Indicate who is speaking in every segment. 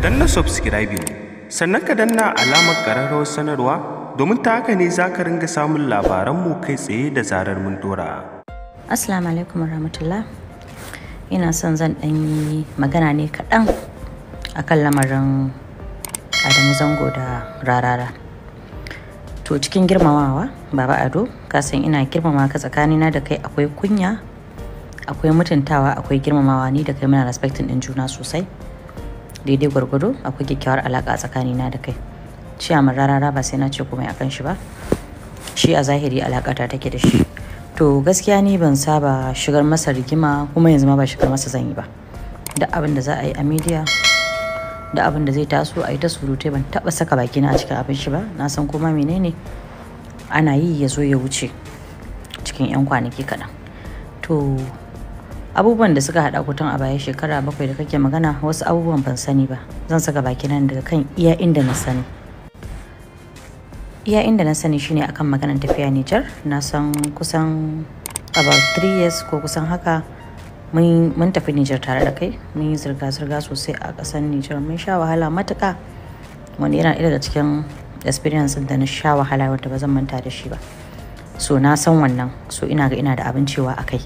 Speaker 1: danna subscribing sannan ka danna alamar ƙararrawar sanarwa domin ta haka ne za ka ringa samun labaranmu kai tsaye da zarar mun dora. Assalamu alaikum rahmatullah. Ina son zan ɗan yi magana ne kaɗan a kan lamarin Adamu Zango da Rarara. To cikin girmamawa, Baba Ado, kasan ina girmama ka tsakanina da kai akwai kunya, akwai mutuntawa, akwai girmamawa ni da kai muna respecting ɗin juna sosai. daidai gwargwado akwai kyakkyawar alaƙa na da kai a rarara ba sai na ce kuma akan shi ba shi a zahiri ta take da shi to gaskiya ni ban saba shigar masa rigima kuma yanzu ma ba shigar masa zan yi ba da abin da za a yi a media da abin da zai taso a yi ta surutai ban taba saka baki na a cikin abin shi ba na san kuma menene ana yi ya zo ya wuce cikin 'yan kwanaki kaɗan to abubuwan da suka hada kutan a baya shekara bakwai da kake magana wasu abubuwan ban sani ba zan saka baki nan daga kan iya inda na sani iya inda na sani shine akan maganar tafiya Nijar na san kusan about 3 years ko kusan haka mun tafi Nijar tare da kai mun yi zirga-zirga sosai a kasar Nijar mun sha wahala matuka. wani yana daga cikin experience da na sha wahala wanda ba zan manta da shi ba so na san wannan so ina ga ina da abin cewa a kai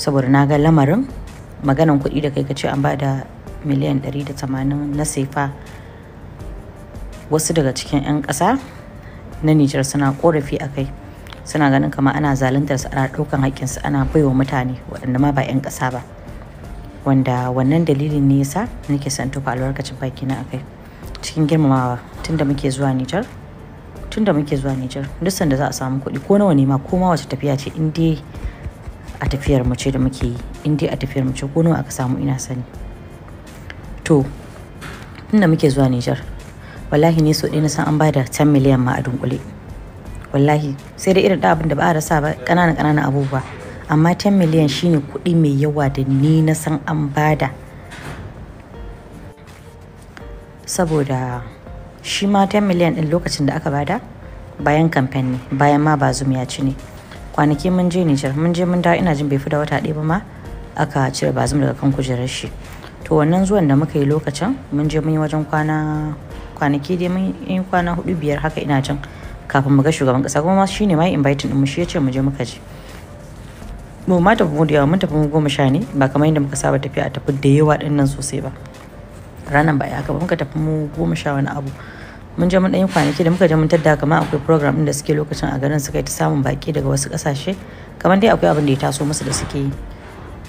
Speaker 1: saboda na ga lamarin maganan kuɗi da kai ka ce an ba da miliyan 180 na sefa wasu daga cikin 'yan ƙasa na nijar suna korafi a kai suna ganin kama ana zaluntar su ana ɗaukan haƙƙinsu ana baiwa mutane waɗanda ma ba 'yan ƙasa ba wanda wannan dalilin ne yasa nake son tufa albarkacin baki na akai cikin girmamawa tunda muke zuwa Nijar tunda muke zuwa Nijar duk sanda za a samu kuɗi ko nawa ne ma ko ma wace tafiya ce in dai a tafiyar mace da muke yi in dai a tafiyar mace ko nawa aka samu ina sani to inda muke zuwa Nijar wallahi ne so ɗaya na san an bada 10 miliyan ma a dunkule wallahi sai da irin da abin da ba a rasa ba ƙananan ƙananan abubuwa amma 10 miliyan shine kuɗi mai yawa da ni na san an bada saboda shi ma 10 miliyan ɗin lokacin da aka bada bayan kamfen ne bayan ma ba zumiya ci ne kwanaki mun je nijar mun je mun da ina jin bai fi da wata ɗaya ba ma aka cire bazum daga kan kujerar shi to wannan zuwan da muka yi lokacin mun je mun yi wajen kwana kwanaki dai mun yi kwana hudu biyar haka ina jin kafin mu ga shugaban kasa kuma ma shine ma inviting mu shi ya ce mu je muka je mu ma tafi mu da yawa mun tafi mu goma sha ne ba kamar yadda muka saba tafiya a tafi da yawa dinnan sosai ba ranar ba ya haka ba muka tafi mu goma sha wani abu mun je mun ɗan kwanaki da muka je mun tadda kamar akwai program ɗin da suke lokacin a garin suka ta samun baki daga wasu ƙasashe kamar dai akwai abin da ya taso musu da suke yi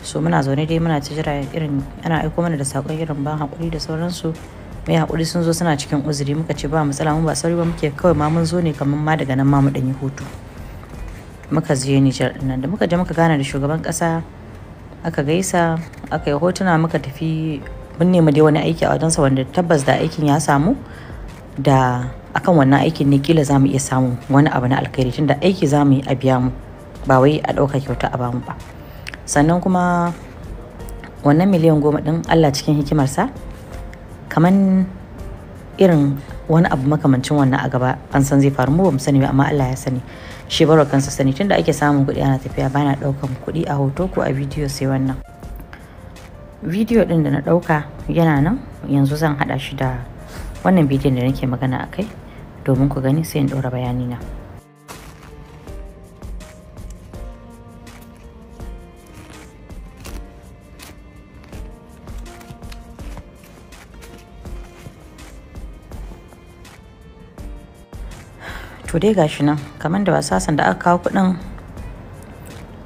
Speaker 1: so muna zaune dai muna ta jira irin ana aiko mana da sakon irin ban haƙuri da sauransu mai haƙuri sun zo suna cikin uzuri muka ce ba matsala mun ba sauri ba muke kawai ma mun zo ne kamar ma daga nan ma mu ɗan yi hutu muka je Nijar nan da muka je muka gana da shugaban ƙasa aka gaisa aka yi hotuna muka tafi mun nemi dai wani aiki a wajensa wanda tabbas da aikin ya samu da akan wannan aikin ne kila za mu iya samun wani abu na alkhairi tunda aiki za mu yi a biya mu ba wai a ɗauka kyauta a bamu ba sannan kuma wannan miliyan goma din allah cikin hikimarsa kamar irin wani abu makamancin wannan a gaba an san zai faru mu ba mu sani ba amma allah ya sani shi barwa kansa sani tunda ake samun kuɗi ana tafiya bana ɗaukan kuɗi a hoto ko a bidiyo sai wannan bidiyo ɗin da na ɗauka yana nan yanzu zan haɗa shi da wannan bidiyon da nake magana a kai domin ku gani sai in ɗora bayanina to dai gashi nan kamar da wasasan da aka kawo kuɗin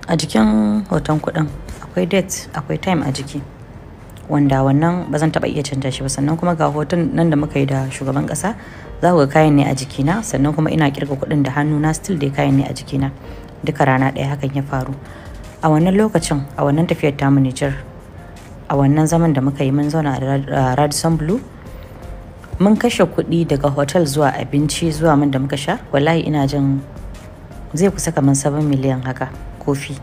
Speaker 1: a jikin hoton kuɗin akwai date akwai time a jiki wanda wannan ba zan taba iya canja shi ba sannan kuma ga hoton nan da muka yi da shugaban kasa za ku ga kayan ne a jikina sannan kuma ina kirga kuɗin da hannu hannuna still dai kayan ne a jikina duka rana ɗaya hakan ya faru a wannan lokacin a wannan tafiyar ta Nijar a wannan zaman da muka yi mun zauna a Radisson Blu mun kashe kuɗi daga hotel zuwa abinci zuwa man da muka sha wallahi ina jin zai kusa kamar 7 miliyan haka kofi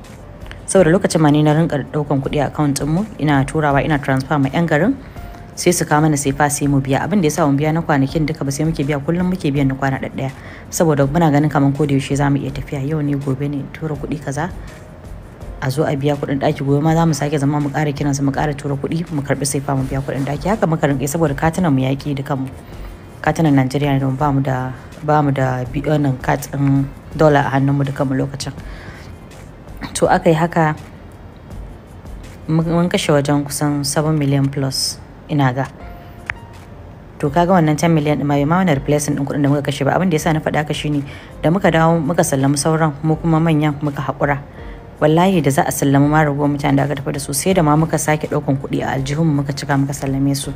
Speaker 1: saboda lokacin ma ni na rinka daukan kuɗi a account mu ina turawa ina transfer ma yan garin sai su kama na sai fa sai mu biya abin da yasa mun biya na kwanakin duka ba sai muke biya kullum muke biyan na kwana ɗaya saboda muna ganin kaman ko da yaushe zamu iya tafiya yau ne gobe ne tura kuɗi kaza a zo a biya kuɗin daki gobe ma za mu sake zama mu ƙara kiran su mu ƙara tura kuɗi mu karbi sai fa mu biya kuɗin ɗaki haka muka rinka saboda katunan mu yaƙi da kanmu katunan Najeriya ne ba mu da ba mu da wannan katin dola a hannunmu da kanmu lokacin so aka yi haka mun kashe wajen kusan 7 million plus ina ga to kaga wannan 10 million din ma bai ma wani replacing din kuɗin da muka kashe ba abin da yasa na faɗa ka shine da muka dawo muka sallami sauran mu kuma manyan muka haƙura wallahi da za a sallami ma ragowar mutane da aka tafi da su sai da ma muka sake ɗaukan kuɗi a aljihun muka cika muka sallame su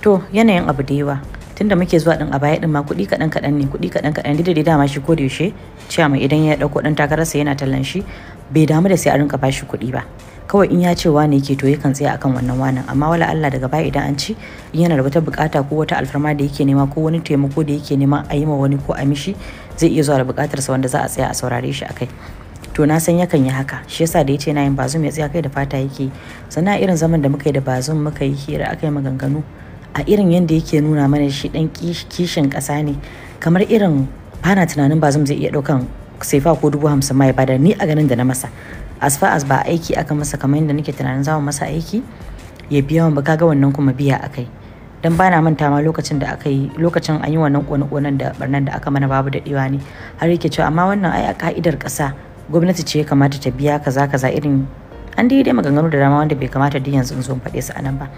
Speaker 1: to yanayin abu da yawa tunda muke zuwa din a baya din ma kuɗi kaɗan kaɗan ne kuɗi kaɗan kaɗan da dai dama shi ko da yaushe cewa mai idan ya ɗauko ɗan takararsa yana tallan shi bai damu da sai a rinka bashi kuɗi ba kawai in ya ce wane yake to yakan tsaya akan wannan wanan amma wala Allah daga baya idan an ci in yana da wata bukata ko wata alfarma da yake nema ko wani taimako da yake nema a yi ma wani ko a mishi zai iya zuwa da sa wanda za a tsaya a saurare shi akai to na san yakan yi haka shi yasa da yace na yin bazum ya tsaya kai da fata yake sannan irin zaman da muka yi da bazum muka yi hira akai maganganu a irin yanda yake nuna mana shi dan kishin kasa ne kamar irin bana tunanin bazum zai iya daukan sai fa ko dubu hamsin ma ya bada ni a ganin da na masa as far as ba aiki aka masa kamar yadda nake tunanin za masa aiki ya biya mu ba kaga wannan kuma biya akai dan bana manta ma lokacin da aka yi lokacin an yi wannan kone-konen da barnan da aka mana babu daɗewa ne har yake cewa amma wannan ai a ka'idar kasa gwamnati ce ya kamata ta biya kaza kaza irin an dai dai maganganu da dama wanda bai kamata da yanzu in zo faɗe su anan ba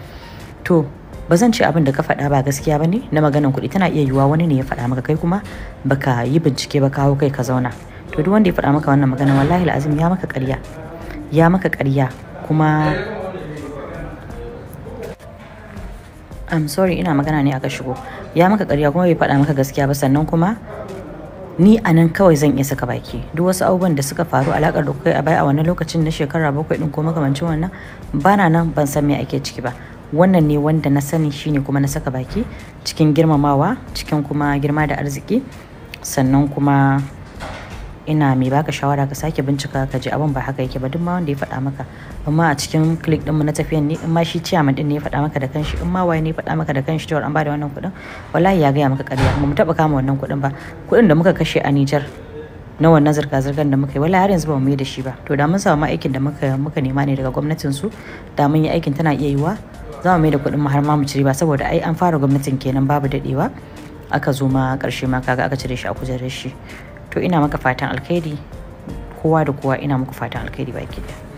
Speaker 1: to ba zan ce abin da ka faɗa ba gaskiya ba ne na maganan kuɗi tana iya yiwuwa wani ne ya faɗa maka kai kuma baka yi bincike ba kawo kai ka zauna to duk wanda ya faɗa maka wannan magana wallahi azim ya maka ƙarya ya maka ƙarya kuma I'm sorry ina magana ne aka shigo ya maka ƙarya kuma bai faɗa maka gaskiya ba sannan kuma ni a nan kawai zan iya saka baki duk wasu abubuwan da suka faru alakar da kai a baya a wannan lokacin na shekara bakwai din ko makamancin wannan bana nan ban san me ake ciki ba wannan ne wanda na sani shine kuma na saka baki cikin girmamawa cikin kuma girma da arziki sannan kuma ina mai baka shawara ka sake bincika ka ji abin ba haka yake ba duk ma wanda ya faɗa maka amma a cikin click din mu na tafiyan ne in ma shi chairman din ne ya faɗa maka da kanshi in ma waye ne ya faɗa maka da kanshi cewa an bada wannan kuɗin wallahi ya gaya maka ƙarya mu taɓa kama wannan kuɗin ba kuɗin da muka kashe a Nijar na wannan zirga-zirgar da muka yi wallahi har yanzu ba mu yi da shi ba to da mun samu aikin da muka muka nema ne daga gwamnatin su da mun yi aikin tana iya yiwa za mu mai da kuɗin mu har ma mu ci riba saboda ai an fara gwamnatin kenan babu dadewa aka zo ma ƙarshe ma kaga aka cire shi a kujerar shi to ina maka fatan alkhairi kowa da kowa ina muka fatan alkhairi baki ɗaya